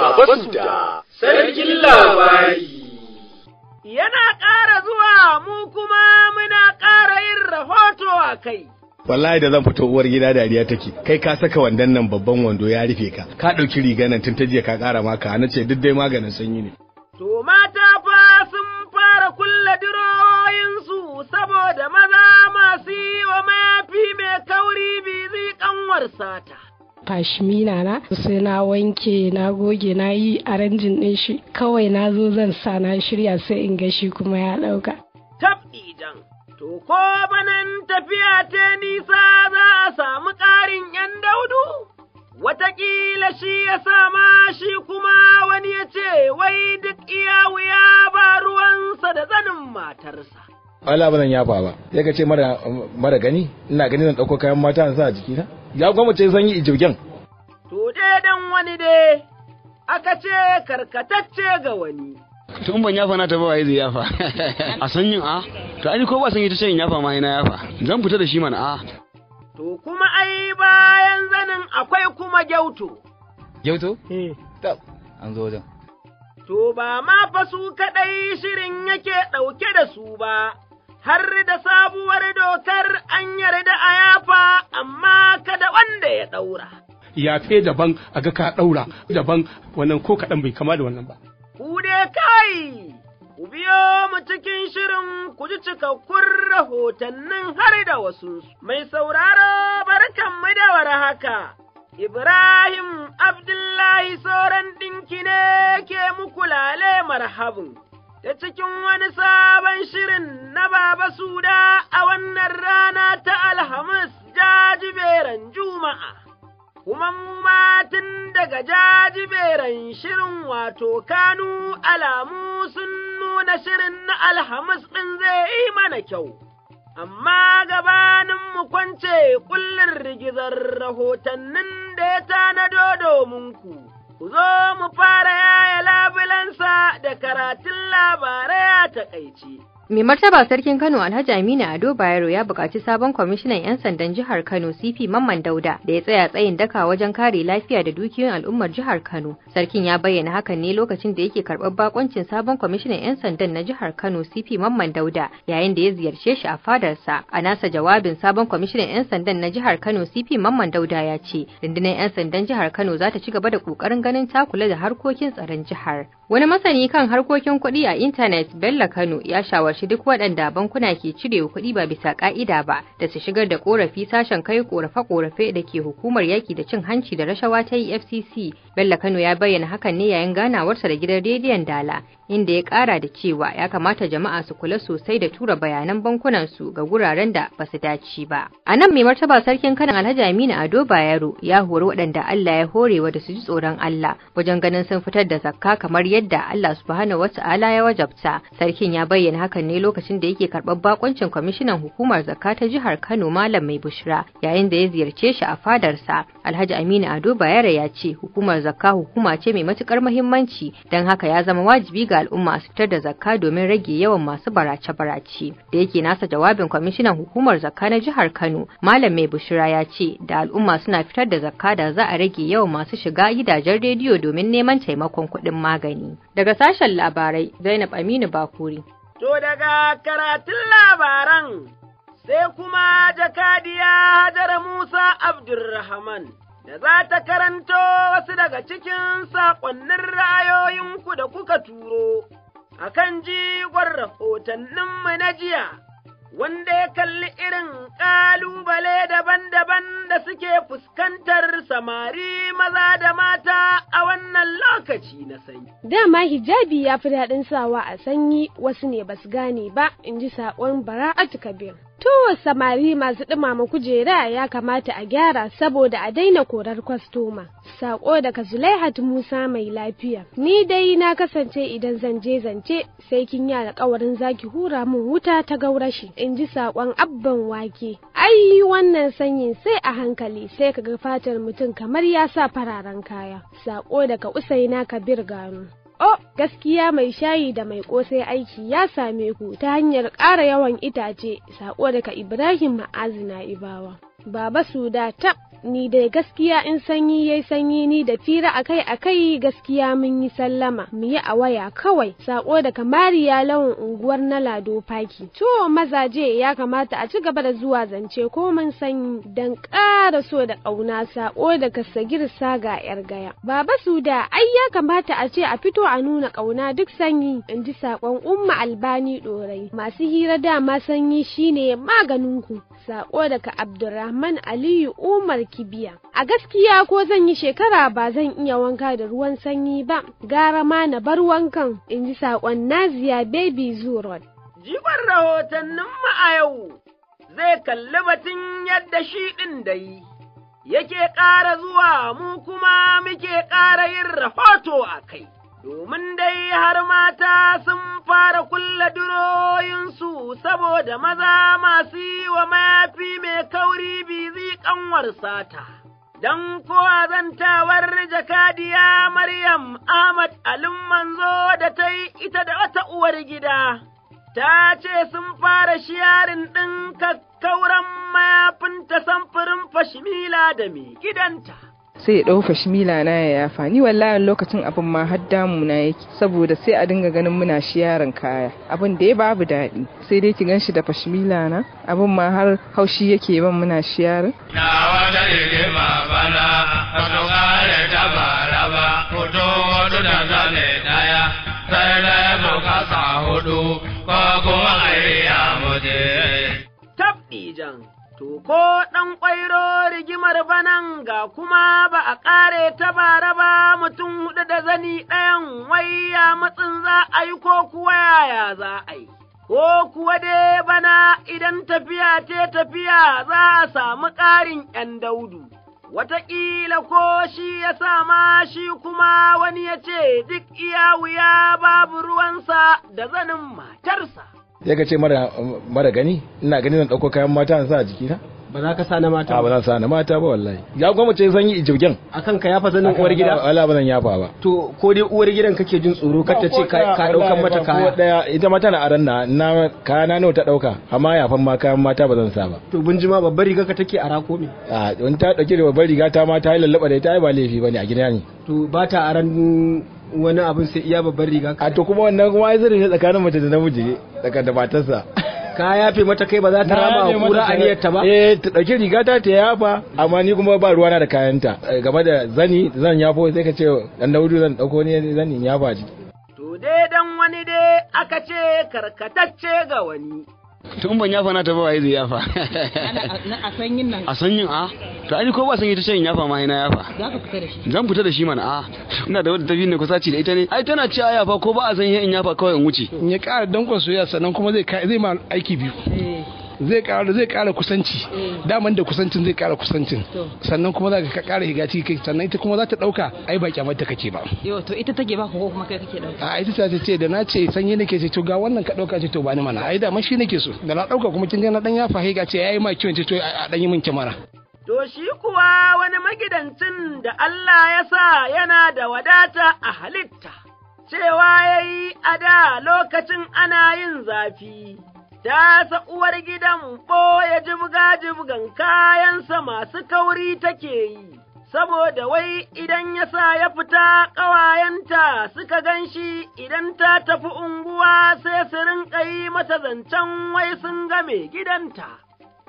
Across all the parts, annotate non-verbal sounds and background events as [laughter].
da Sarkin labari. Yana ƙara zuwa mu kuma muna ƙara yin rahoto a kai. Wallahi da zan fito uwar gida dariya take, kai ka saka wandon nan babban wando ya rufe ka, ka ɗauki riga nan tun ta jiya ka ƙara maka, na ce duk dai maganin sanyi ne. To mata fa sun fara kulle diroyinsu saboda maza masu yi wa mayafi mai kauri bizi ƙanwar sata. kashimina na sai na wanke na goge na yi ranjin din shi kawai na zo zan sa na shirya sai in ga shi kuma ya ɗauka. Tabɗi dan to ko banan tafiya ta nisa za a samu wala ba zan yafa ba sai ka ce mara mara gani ina gani zan dauko kayan mata na sa a na ya kuma ce zan yi ijogen to dai dan wani dai aka ce karkatacce ga wani tun ban yafa na ta ba zai yafa [laughs] a sanyin a to ai ko ba sanyi ta shan yafa ma ina yafa zan fita da shi mana a to kuma ai bayan zanin akwai kuma gyauto gyauto eh an zo wajen to ba ma fa su kaɗai shirin yake ɗauke da su ba, har da sabuwar dokar an yarda a yafa amma kada wanda ya ɗaura. Yafe daban a ga ka ɗaura daban wannan ko kaɗan bai kama da wannan ba. Ku dai kai, ku biyo mu cikin shirin ku ji cikakkun rahotannin har da wasu. Mai sauraro barkan mu da haka. Ibrahim Abdullahi sauran ɗinki ne ke muku lale marhabin. da cikin wani sabon shirin na Baba Suda a wannan rana ta Alhamis jajiberan Juma'a. Kuma mu matin daga jajiberan shirin wato Kanu alamu sun nuna shirin na Alhamis ɗin zai yi mana kyau. Amma gabanin mu kwance kullum rigizar rahotannin da ya tanado domin ku. ku zo mu fara yaya labulansa da karatun labarai a takaici. Mai martaba sarkin Kano Alhaji Aminu Ado Bayero ya buƙaci sabon kwamishinan 'yan sandan jihar Kano CP Mamman Dauda da ya tsaya tsayin daka wajen kare lafiya da dukiyoyin al'ummar jihar Kano. Sarkin ya bayyana hakan ne lokacin da yake karɓar bakoncin sabon kwamishinan 'yan sandan na jihar Kano CP Mamman Dauda yayin da ya ziyarce shi a fadarsa. A nasa jawabin sabon kwamishinan 'yan sandan na jihar Kano CP Mamman Dauda ya ce rundunar 'yan sandan jihar Kano za ta ci gaba da kokarin ganin ta kula da harkokin tsaron jihar. Wani masani kan harkokin kuɗi a intanet Bello Kano ya shawarci buƙaci duk waɗanda bankuna ke cirewa kuɗi ba bisa ƙa'ida ba da su shigar da ƙorafi sashen kai ƙorafe-ƙorafe da ke hukumar yaƙi da cin hanci da rashawa ta EFCC. Bello Kano ya bayyana hakan ne yayin ganawarsa da gidan rediyon Dala inda ya ƙara da cewa ya kamata jama'a su kula sosai da tura bayanan bankunansu ga guraren da ba su dace ba. A nan mai martaba sarkin kanan Alhaji Aminu Ado Bayero ya hori waɗanda Allah ya hore wa da su ji tsoron Allah wajen ganin sun fitar da zakka kamar yadda Allah subhanahu wata'ala ya wajabta. Sarkin ya bayyana hakan ne lokacin da yake karɓar bakoncin kwamishinan hukumar zakka ta jihar Kano Malam Mai Bushra yayin da ya ziyarce shi a fadarsa. Alhaji Aminu Ado Bayero ya ce hukumar zakka hukuma ce mai matukar muhimmanci don haka ya zama wajibi ga al'umma su fitar da zakka domin rage yawan masu barace-barace. Da yake nasa jawabin kwamishinan hukumar zakka na jihar Kano, Malam Mai Bushira ya ce da al'umma suna fitar da zakka da za a rage yawan masu shiga gidajen rediyo domin neman taimakon kuɗin magani. Daga sashen labarai, Zainab Aminu Bakuri. To daga karatun labaran sai kuma jakadiya Hajar Musa Abdulrahman. da za ta karanto wasu daga cikin saƙonnin ra'ayoyinku da kuka turo a kan jigon rahotanninmu na jiya, wanda ya kalli irin ƙalubale daban-daban da suke fuskantar samari maza da mata a wannan lokaci na sanyi. Dama hijabi ya fi daɗin sawa a sanyi wasu ne basu gane ba, in ji saƙon bara'atu kabir. To samari masu dumama kujera ya kamata a gyara saboda a daina korar kwastoma. Sako daga Zulaihat Musa mai lafiya. Ni dai na kasance idan zan zance sai kin yi alƙawarin zaki hura min wuta ta gaurashi. In ji sakon abban wake. Ai wannan sanyin sai a hankali sai ka ga fatar mutum kamar ya sa fararen kaya. Sako daga Usaina Kabir Gano. Oh, gaskiya mai shayi da mai kosai aiki ya same ku ta hanyar ƙara yawan itace, sako daga Ibrahim Ma'azina Ibawa. Baba Suda ta ni dai gaskiya in sanyi yayi sanyi ni da fira akai akai gaskiya mun yi sallama mu yi a waya kawai sako daga Mariya lawan unguwar na Lado Faki to mazaje ya kamata a ci gaba da zuwa zance ko mun sanyi dan ƙara so da ƙauna sako daga Sagir Saga yar gaya Baba Suda ai ya kamata a ce a fito a nuna ƙauna duk sanyi in ji sakon Umma Albani Dorai masu hira dama sanyi shine maganin ku sako daga Abdurrahman man Aliyu Umar Kibiya. A gaskiya ko zan yi shekara ba zan iya wanka da ruwan sanyi ba, gara ma na bar wankan, in ji saƙon Naziya Baby Zurod. Jibar rahotanninmu a yau zai kalli batun yadda shi ɗin da yi. Yake ƙara zuwa mu kuma muke ƙara yin rahoto a kai. domin dai har mata sun fara kulle duroyinsu saboda maza masu yi wa mayafi mai kauri bizi ƙanwar sata. don kowa zantawar jakadiya Maryam Ahmad Alin Manzo da ta yi ita da wata uwar gida, ta ce sun fara shiyarin ɗin kakkauran mayafinta samfurin fashimila da mai gidanta. sai ya ɗau fashimila na ya yafa ni wallahi lokacin abin ma har damu na yake saboda sai a dinga ganin muna shi yaron kaya abin da ya babu daɗi sai dai ki ganshi da fashimila na abin ma har haushi yake ban muna shi yaron na wata ma bana ba su ta bara ba hoto wato da zane daya sai da ya zo kasa hudu ko kuma a yi ya muje. Tab Ijan. To, ko ɗan ƙwairo rigimar banan ga kuma ba a ƙare ta bara ba mutum huɗu da zani ɗayan waya matsin za a yi ko kuwa yaya za a yi. Ko kuwa dai bana idan tafiya ce tafiya za a samu ƙarin ‘yan daudu. Wataƙila ko shi ya sama shi kuma wani ya ce duk iya wuya babu ruwansa da zanin matarsa. ya ka ce mara gani ina gani zan ɗauko kayan mata na sa a jikina ba za ka sa na mata ba za sa na mata ba wallahi ya goma ce zan yi A kan ka yafa zanen uwar gida wala ba zan yafa ba to ko dai uwar gidan kake jin tsoro kar ta ce ka ɗaukan mata kaya daya ita mata na aran na na kaya na nawa ta ɗauka amma yafan ma kayan mata ba zan sa ba to bin jima babbar riga ka take a rako me a don ta dauke da babbar riga ta ma ta yi lallaba da ita ai ba laifi ne a gida ne to ba ta aran wani abin sai iya babban riga a to kuma wannan kuma ai zai ne tsakanin mace da namiji ne tsakanin da matarsa ka yafe mata kai ba za ta rama wa kura aniyarta ba eh ta dauki riga ta ta yafa amma ni kuma ba ruwana da kayanta eh, game da zani zan yafo sai ka ce dan daudu zan dauko ne zanin yafa ji to dai dan wani dai aka ce karkatacce ga wani tun ban yafa na ta bawa yi zai yafa a sanyin nan a sanyin a to ai ko ba sanyi ta ce in yafa ma ina yafa za ka fita da shi zan fita da shi mana a ina da wadda tafi ne kusa ci da ita ne ai tana ci a yafa ko ba a sanyi in yafa kawai in wuce in ya don dankon ya sannan kuma zai zai ma aiki biyu eh. zai kara zai kara kusanci mm. daman da kusancin zai kara kusancin sannan kuma za ka kara higa ciki kai sannan ita kuma za ta dauka ai ba kyamar ta kake ba yo to ita take ba ko kuma kai kake dauka a ita ta ce da na ce sanye nake ce to ga wannan ka dauka ce to ba ni mana ai da man shi nake so da na dauka kuma kin ga na dan yafa ga ce yayi ma kiwon ce to a dan yi min kyamara To shi kuwa wani magidancin da Allah ya sa yana da wadata a halitta, cewa ya yi a lokacin ana yin zafi. tasa uwar gidan ɓoye jibga-jibgan kayansa masu kauri take yi, saboda wai idan ya sa ya fita ƙawayenta suka ganshi idan ta tafi unguwa sai su rinƙa yi mata zancen wai sun ga mai gidanta,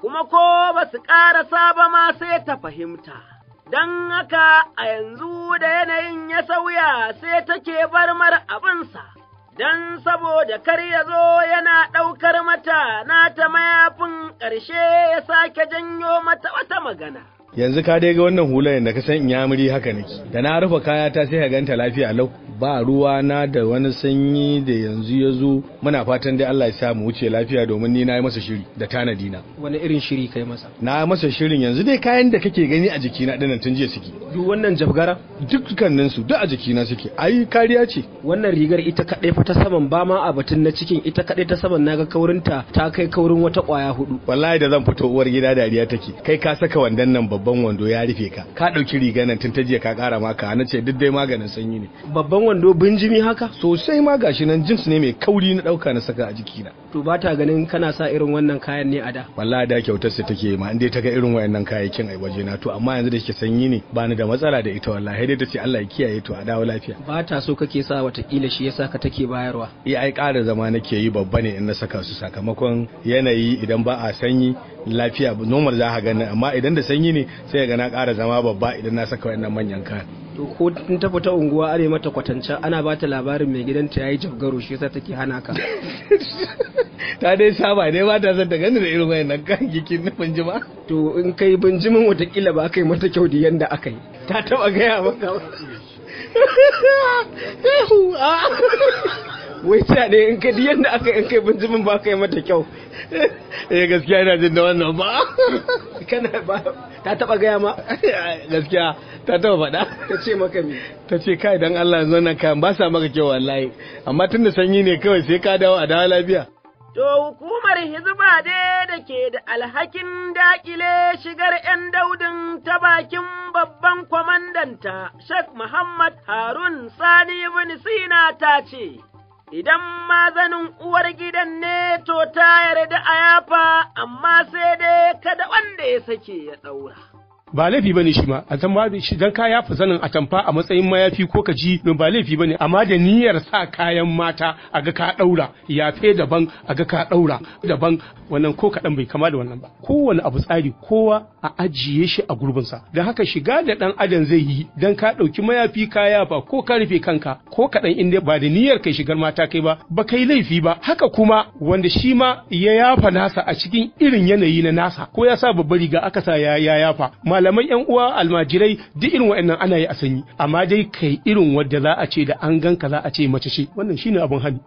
kuma ko ba su ƙara ba ma sai ta fahimta. Don haka a yanzu da yanayin ya sauya sai take barmar abinsa. don saboda kar ya zo yana ɗaukar mata na ta mayafin ƙarshe ya sake janyo mata wata magana. Yanzu ka dai ga wannan hular da ka san inyamuri haka nake, da na rufe kaya ta sai ka ganta lafiya lau, ba ruwa na da wani sanyi da yanzu ya zo muna fatan dai Allah ya sa mu wuce lafiya domin ni na yi masa shiri da tanadi na wani irin shiri kai masa na masa shirin yanzu dai kayan da kake gani a jikina dinnan tun jiya suke duk wannan jabgara dukkanin su duk a jikina suke ai kariya ce wannan rigar ita kadai fa ta saman ba ma a batun na cikin ita kadai ta saman naga kaurinta ta kai kaurin wata kwaya hudu wallahi da zan fito uwar gida dariya take kai ka saka wandan nan babban wando ya rufe ka ka dauki rigar nan tun ta jiya ka kara maka na ce duk dai maganin sanyi ne babban wando binjimi haka sosai ma gashi nan jeans ne mai kauri na ɗauka na saka a jikina. To ba ta ganin kana sa irin wannan kayan ne a da? Wallahi da kyautar sa take ma in ta ga irin wayannan kayayyakin a waje na to amma yanzu da ke sanyi ne ba ni da matsala da ita wallahi dai ta ce Allah ya kiyaye to a dawo lafiya. Ba ta so kake sa watakila shi yasa ka take bayarwa. Eh ai ƙara zama nake yi babba ne in na saka su sakamakon yanayi idan ba a sanyi lafiya normal za ka ganin amma idan da sanyi ne sai ga na ƙara zama babba idan na saka wayannan manyan kayan. to ko in ta fita unguwa are mata kwatanta ana ba ta labarin mai gidanta yayi jabgaro shi yasa take hana ka [laughs] ta dai saba dai ba ta san da irin wayan irin wayannan kayayyakin na banjima to in kai banjimin watakila ba kai yi mata kyau da yanda aka yi ta taba gaya maka [laughs] wai ta ne in ka yadda aka in kai bincimin ba ka yi mata kyau [laughs] eh gaskiya ina jin da wannan ba [laughs] kana ba ta taba gaya ma [laughs] gaskiya ta taba faɗa ta ce maka me ta ce kai dan Allah yanzu nan kayan ba sa maka kyau wallahi amma tunda sanyi ne kawai sai ka dawo a dawo lafiya To hukumar hizba da ke da alhakin dakile shigar ‘yan daudin ta bakin babban kwamandanta, Sheikh Muhammad Harun Sani ibn Sina ta ce, idan mazanin uwar gidan ne to ta yarda a yafa, amma sai dai kada wanda ya sake ya ɗaura. ba laifi bane shi ma a zama shi dan ka fi sanin a tamfa a matsayin mayafi ko kaji don ba laifi bane amma da niyyar sa kayan mata a ga ka daura yafe daban a ga ka daura daban wannan ko kaɗan bai kama da wannan ba kowane abu tsari kowa a ajiye shi a gurbin sa da haka shiga da dan adam zai yi dan ka ɗauki mayafi kaya ba ko ka rufe kanka ko kaɗan inda ba da niyyar kai shigar mata kai ba ba kai laifi ba haka kuma wanda shi ma ya yafa nasa a cikin irin yanayi na nasa ko ya sa babbar riga aka sa ya yafa malamai yan uwa almajirai duk irin wa'annan ana yi a sanyi amma dai kai irin wadda za a ce da an ganka za a ce mace ce wannan shine abun hali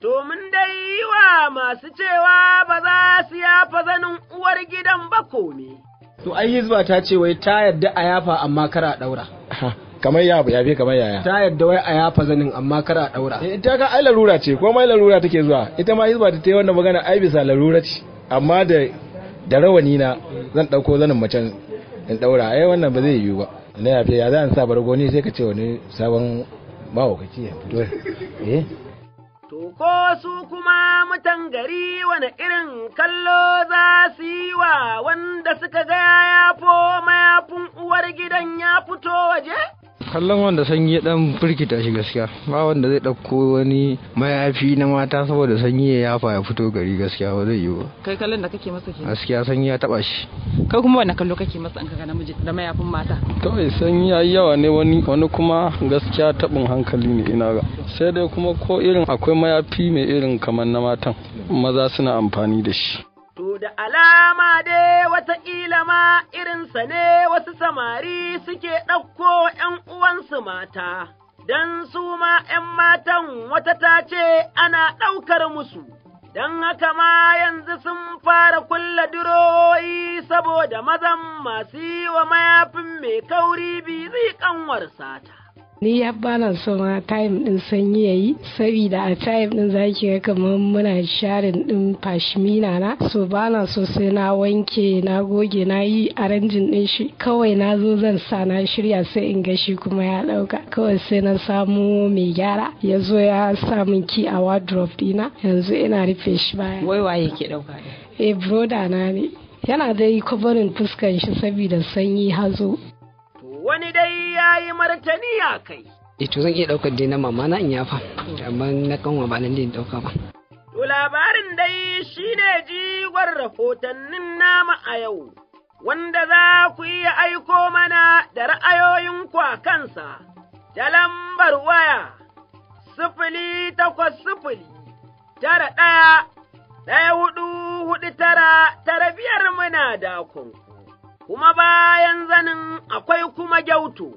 to mun dai wa masu cewa ba za su yafa zanin uwar gidan ba kome to ai hizba ta ce wai ta yadda a yafa amma kara daura kamar ya yafe kamar yaya ta yadda wai a yafa zanin amma kara daura eh, ita ga ai larura ce ko mai larura take zuwa ita ma hizba ta yi wannan magana ai bisa larura ce amma da da rawani na zan dauko zanin macen in daura ai eh, wannan ba zai yiwu ba na fiye ya za sa bargo sai ka ce wani sabon bawo kaci ya fito eh to ko su kuma mutan gari wani irin kallo za su yi wa wanda suka ga ya fo mayafin uwar gidan ya fito waje kallon wanda sanyi ya dan firgita shi gaskiya ba wanda zai ɗauko wani mayafi na mata saboda sanyi ya yafa ya fito gari gaskiya ba zai yi ba kai kallon da kake masa kenan gaskiya sanyi ya taba shi kai kuma wanda kallo kake masa an kaga namiji da mayafin mata kawai sanyi ya yawa ne wani wani kuma gaskiya tabin hankali ne ina ga sai dai kuma ko irin akwai mayafi mai irin kamar na matan maza suna amfani da shi da alama dai wataƙila ma irinsa ne wasu samari suke ɗauko ’yan uwansu mata, don su ma ’yan matan wata ta ce ana ɗaukar musu, don haka ma yanzu sun fara kulla duroyi saboda mazan masu yi wa mayafin mai kauri bi zai ƙanwar sata. ni ya bana so ma time din sanyi yayi saboda a time din zaki ga kamar muna sharin din pashmina na so bana so sai na wanke na goge na yi aranjin din shi kawai na zo zan sa na shirya sai in ga shi kuma ya dauka kawai sai na samu mai gyara ya zo ya sa min ki a wardrobe dina yanzu ina rufe shi baya wai waye ke dauka eh broda na ne yana dai kwabarin fuskan shi saboda sanyi hazo wani dai ya yi martani a kai. Ito eh, zan iya ɗaukar dai na mama na in yafa, amma na kanwa ba nan in ɗauka ba. To labarin dai shi ne jigon rahotannin nama a yau, wanda za ku iya aiko mana da ra'ayoyinku a kansa, ta lambar waya, sifili takwas sifili, tara ɗaya, ɗaya hudu hudu tara, tara biyar muna dakon. kuma bayan zanin akwai kuma gyautu,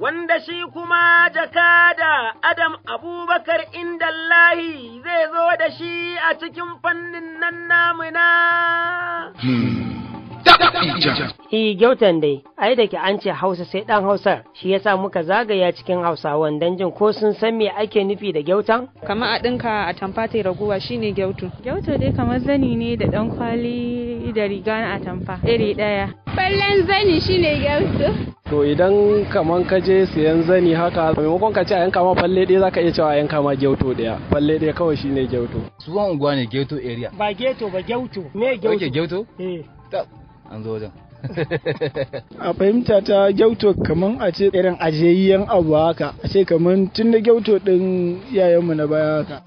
wanda shi kuma jaka da Adam Abubakar Indallahi zai zo da shi a cikin fannin nan namuna. Hmm. I e, gyautan dai, ai da ke an ce Hausa sai ɗan Hausar, shi ya sa muka zagaya cikin Hausawan don jin ko sun san me ake nufi da gyautan? Kamar a ɗinka a tamfata raguwa shine gyautu. Gyautu dai kamar zani ne da ɗan kwali da riga na atamfa iri ɗaya. Fallen zani shine gyautu. to idan kaman ka je siyan zani haka maimakon ka ce a yanka ma falle ɗaya za ka iya cewa a yanka ma gyautu ɗaya falle ɗaya kawai shine gyautu. suwan unguwa ne gyautu area ba gyautu ba gyautu. me gyauto gyautu? eh an zo wajen [laughs] a fahimta ta gyauto kaman a ce irin ajiyayyen abu haka a ce kaman tun da gyauto din yayanmu na baya haka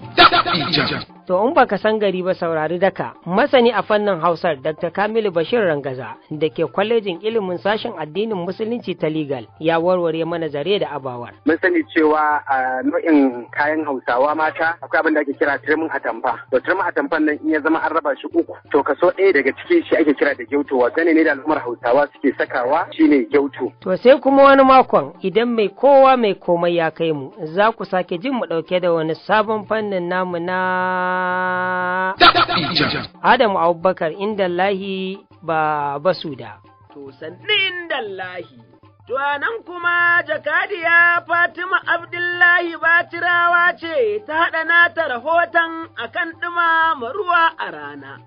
To in baka san gari ba saurari daka masani a fannin Hausar Dr. Kamilu Bashir Rangaza da ke kwalejin ilimin sashen addinin musulunci ta legal ya warware mana zare da abawar. Mun sani cewa a nau'in kayan Hausawa mata akwai abin da ake kira turmin atamfa. To turmin atamfan nan in ya zama an raba shi uku to kaso ɗaya daga cikin shi ake kira da gyautu wa gane ne da al'ummar Hausawa suke sakawa shine gyautu. To sai kuma wani makon idan mai kowa mai komai ya kai mu za ku sake jin mu ɗauke da wani sabon fannin namu na Adamu Abubakar inda lahi ba basu da. To sanni inda lahi. To nan kuma jakadiya Fatima Abdullahi Batirawa ce ta haɗa nata rahoton a akan ɗumama ruwa a rana.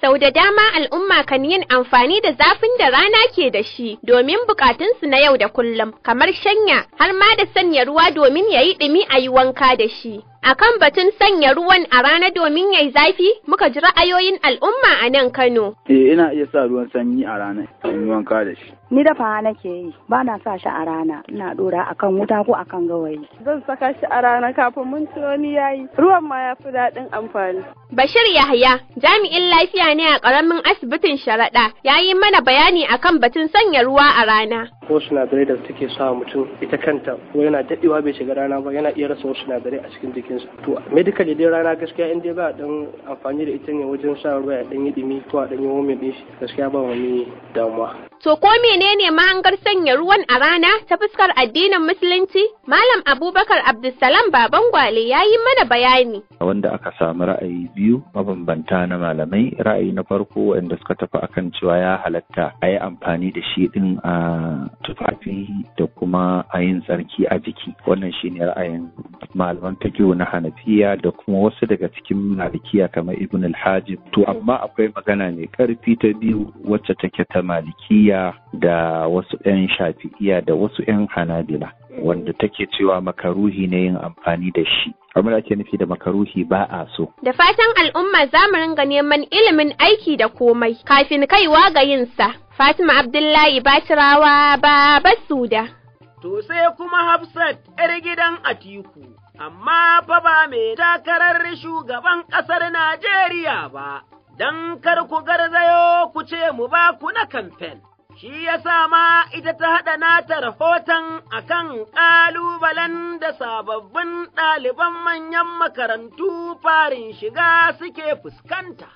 Sau da dama al'umma kan yin amfani da zafin da rana ke da shi domin bukatunsu na yau da kullum, kamar shanya har ma da sanya ruwa domin ya yi ɗumi a yi wanka da shi. akan batun sanya ruwan a rana domin yayi zafi muka ji ra'ayoyin al'umma a nan Kano. Eh ina iya sa ruwan sanyi a rana in wanka da shi. Ni dafa nake yi ba na sa shi a rana ina dora akan wuta ko akan gawayi. Zan saka shi a rana kafin mun ni ya yayi. Ruwan ma ya fi daɗin amfani. Bashir Yahya jami'in lafiya ne a ƙaramin asibitin Sharaɗa ya yi mana bayani akan batun sanya ruwa a rana. ko sinadarai da take sa mutum ita kanta ko yana dadewa bai shiga rana ba yana iya rasa wasu sinadarai a cikin jikinsa to medical dai rana gaskiya in dai ba a dan amfani da ita ne wajen sa ruwa ya dan yi dumi ko a dan yi warming din gaskiya ba wani damuwa To ko menene mahangar sanya ruwan a rana ta fuskar addinin musulunci? Malam Abubakar Abdulsalam Baban Gwale ya yi mana bayani. Wanda aka samu ra'ayi biyu mabambanta na malamai, ra'ayi na farko wanda suka tafi akan cewa ya halatta a yi amfani da shi din a tufafi da kuma a yin tsarki a jiki wannan shi ne ra'ayin malaman fiqh na hanafiya da kuma wasu daga cikin malikiya kamar ibn al to amma akwai magana mai karfi ta biyu wacce take ta malikiya da wasu 'yan shafi'iya da wasu 'yan hanabila wanda take cewa makaruhi ne yin amfani da shi abin da ake nufi da makaruhi ba a so da fatan al'umma za mu ringa neman ilimin aiki da komai kafin kaiwa ga yin sa fatima abdullahi batirawa baba da. to sai kuma hafsat 'yar gidan atiku amma fa ba mai takarar shugaban ƙasar najeriya ba don kar ku garzayo ku ce mu ba ku na kamfen shi ya sa ma ita ta haɗa nata rahoton a kan ƙalubalen da sababbin ɗaliban manyan makarantu farin shiga suke fuskanta.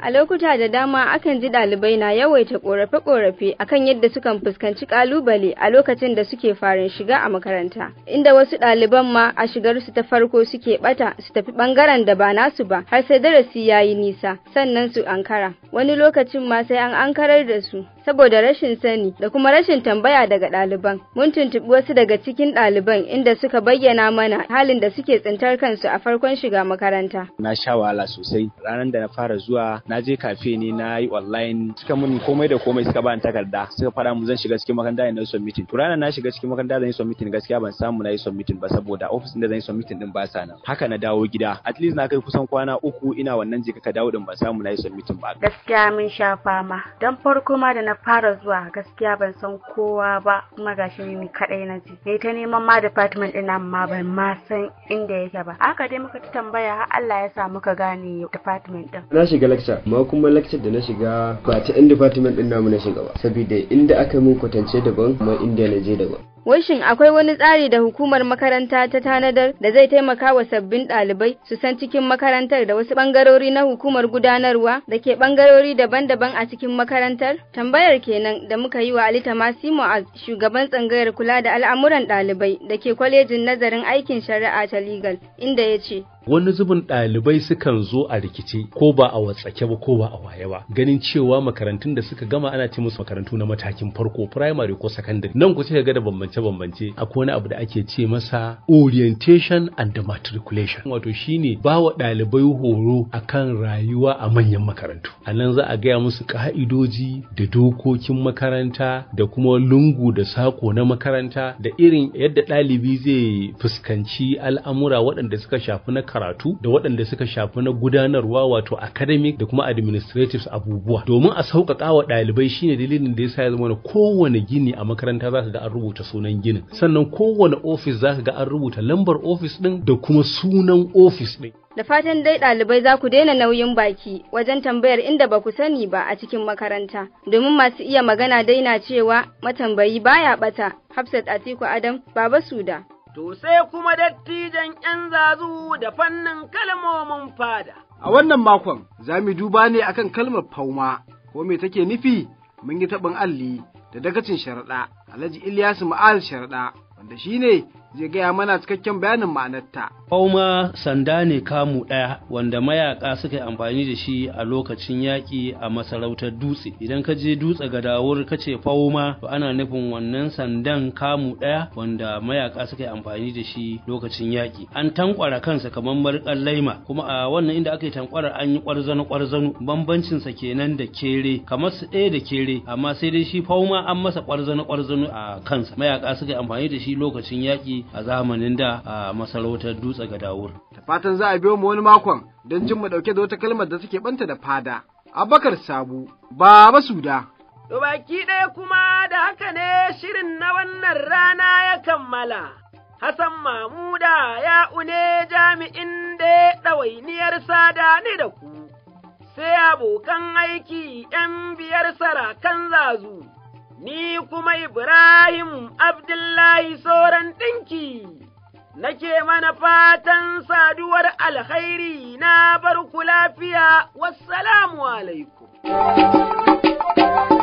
A lokuta da dama akan ji ɗalibai na yawaita ƙorafe-ƙorafe akan yadda sukan fuskanci ƙalubale a lokacin da suke farin shiga a makaranta, inda wasu ɗaliban ma a shigar su ta farko suke ɓata su tafi ɓangaren da ba nasu ba har sai darasi ya yi nisa sannan su ankara. Wani lokacin ma sai an ankarar da su saboda rashin sani da kuma rashin tambaya daga ɗaliban. Mun tuntuɓi wasu daga cikin ɗaliban inda suka bayyana mana halin da suke tsintar kansu a farkon shiga makaranta. Na sha wahala sosai ranar da na fara zuwa na je kafe ne na yi online suka mun komai da komai suka bani takarda suka fara mu zan shiga cikin makaranta na yi submitting to ranar na shiga cikin makaranta zan yi submitting gaskiya ban samu na yi submitting ba saboda office da zan yi submitting din ba sa nan haka na dawo gida at least na kai kusan kwana uku ina wannan jika ka dawo din ban samu na yi submitting ba gaskiya mun sha fama dan farko ma da na fara zuwa gaskiya ban san kowa ba kuma gashi ni kadai na ji ne ta neman ma department din nan ma ban ma san inda yake ba haka dai muka ta tambaya har Allah ya sa muka gane department din na shiga lecture lecture ma kuma lecture da na shiga ba ta yan department din namu na shiga ba saboda inda aka min kwatance daban kuma inda na je daban Wai akwai wani tsari da hukumar makaranta ta tanadar da zai taimaka wa sabbin ɗalibai su san cikin makarantar da wasu ɓangarori na hukumar gudanarwa da ke ɓangarori daban-daban a cikin makarantar? Tambayar kenan da muka yi wa Ali masimo a shugaban tsangayar kula da al'amuran ɗalibai da ke kwalejin nazarin aikin shari'a ta Legal inda ya ce wani zubin ɗalibai sukan zo a rikice ko ba a watsake ba ko ba a waye ba ganin cewa makarantun da suka gama ana ce musu makarantu na matakin farko primary ko secondary nan ku sai ga da bambance bambance akwai wani abu da ake ce masa orientation and matriculation wato shine ba wa ɗalibai horo akan rayuwa a manyan makarantu a nan za a gaya musu ka'idoji da dokokin makaranta da kuma lungu da sako na makaranta da irin yadda ɗalibi zai fuskanci al'amura waɗanda suka shafi na karatu da waɗanda suka shafi na gudanarwa wato academic da kuma administrative abubuwa domin a sauƙaƙa wa ɗalibai shine dalilin da yasa ya zama kowane gini a makaranta zaka ga an rubuta sunan ginin sannan kowane office zaka ga an rubuta lambar office ɗin da kuma sunan office ɗin Da fatan dai ɗalibai za ku daina nauyin baki wajen tambayar inda ba ku sani ba a cikin makaranta, domin masu iya magana daina cewa matambayi baya ɓata, Hafsat Atiku Adam, Baba Suda. to sai kuma dattijan ‘yan zazu da fannin kalmomin fada. A wannan makon za mu duba ne akan kalmar fauma, ko me take nufi mun yi taɓin alli da dagacin sharaɗa, Alhaji Ilyasu Ma'al sharaɗa, wanda shi ne zai gaya mana cikakken bayanin ma'anarta. Fauma sanda ne kamu ɗaya wanda mayaƙa suka yi amfani da shi a lokacin yaƙi a masarautar dutse. Idan ka je dutse ga dawur ka ce fauma to ana nufin wannan sandan kamu ɗaya wanda mayaƙa suka yi amfani da shi lokacin yaƙi. An tankwara kansa kamar marƙar laima kuma a wannan inda aka yi tankwarar an yi ƙwarzano ƙwarzano bambancinsa kenan da kere kamar su ɗaya da kere amma sai dai shi fauma an masa ƙwarzano ƙwarzano a kansa mayaƙa suka yi amfani da shi lokacin yaƙi a zamanin da a masarautar dutse ga dawur. Da fatan za a biyo mu wani makon don jin mu ɗauke da wata kalmar da take ɓanta da fada. Abakar Sabu, Baba Suda. To baki ɗaya kuma da haka ne shirin na wannan rana ya kammala. Hassan Mamuda ya une jami'in da ya ɗawainiyar sada ne da ku, sai abokan aiki ’yan biyar sarakan zazu. ni kuma Ibrahim Abdullahi sauran ɗinki, nake mana fatan saduwar alkhairi na barku lafiya, wassalamu alaikum.